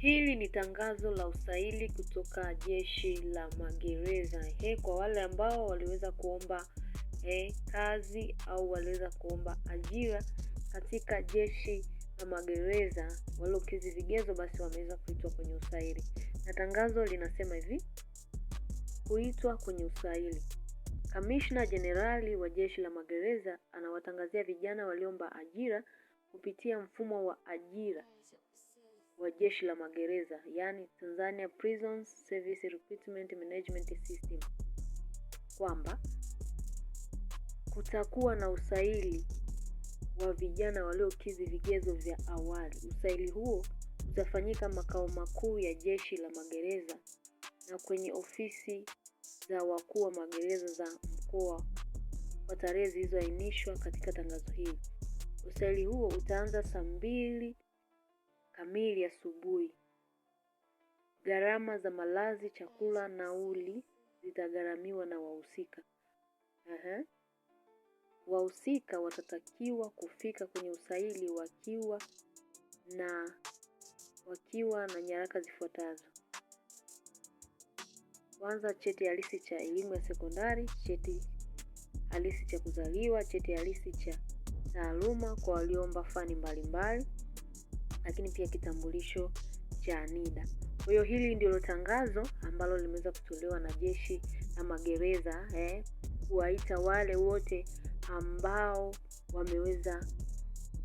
Hili ni tangazo la usaili kutoka jeshi la magereza he, kwa wale ambao waliweza kuomba he, kazi au waliweza kuomba ajira katika jeshi la magereza waliokizi vigezo, basi wameweza kuitwa kwenye usaili, na tangazo linasema hivi: kuitwa kwenye usaili. Kamishna Jenerali wa jeshi la magereza anawatangazia vijana waliomba ajira kupitia mfumo wa ajira wa jeshi la magereza yani Tanzania Prison Service Recruitment Management System kwamba kutakuwa na usaili wa vijana waliokidhi vigezo vya awali. Usaili huo utafanyika makao makuu ya jeshi la magereza na kwenye ofisi za wakuu wa magereza za mkoa kwa tarehe zilizoainishwa katika tangazo hili. Usaili huo utaanza saa mbili kamili asubuhi. Gharama za malazi, chakula, nauli zitagharamiwa na wahusika. Aha. Wahusika watatakiwa kufika kwenye usaili wakiwa na wakiwa na nyaraka zifuatazo: kwanza, cheti halisi cha elimu ya sekondari, cheti halisi cha kuzaliwa, cheti halisi cha taaluma kwa waliomba fani mbalimbali mbali lakini pia kitambulisho cha NIDA. Kwa hiyo hili ndilo tangazo ambalo limeweza kutolewa na jeshi la magereza eh, kuwaita wale wote ambao wameweza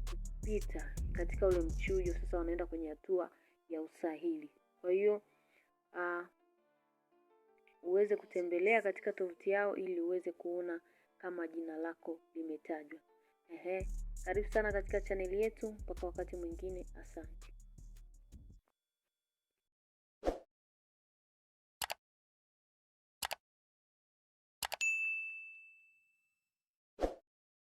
kupita katika ule mchujo, sasa wanaenda kwenye hatua ya usahili. Kwa hiyo uh, uweze kutembelea katika tovuti yao ili uweze kuona kama jina lako limetajwa. Ehe. Karibu sana katika chaneli yetu. Mpaka wakati mwingine, asante.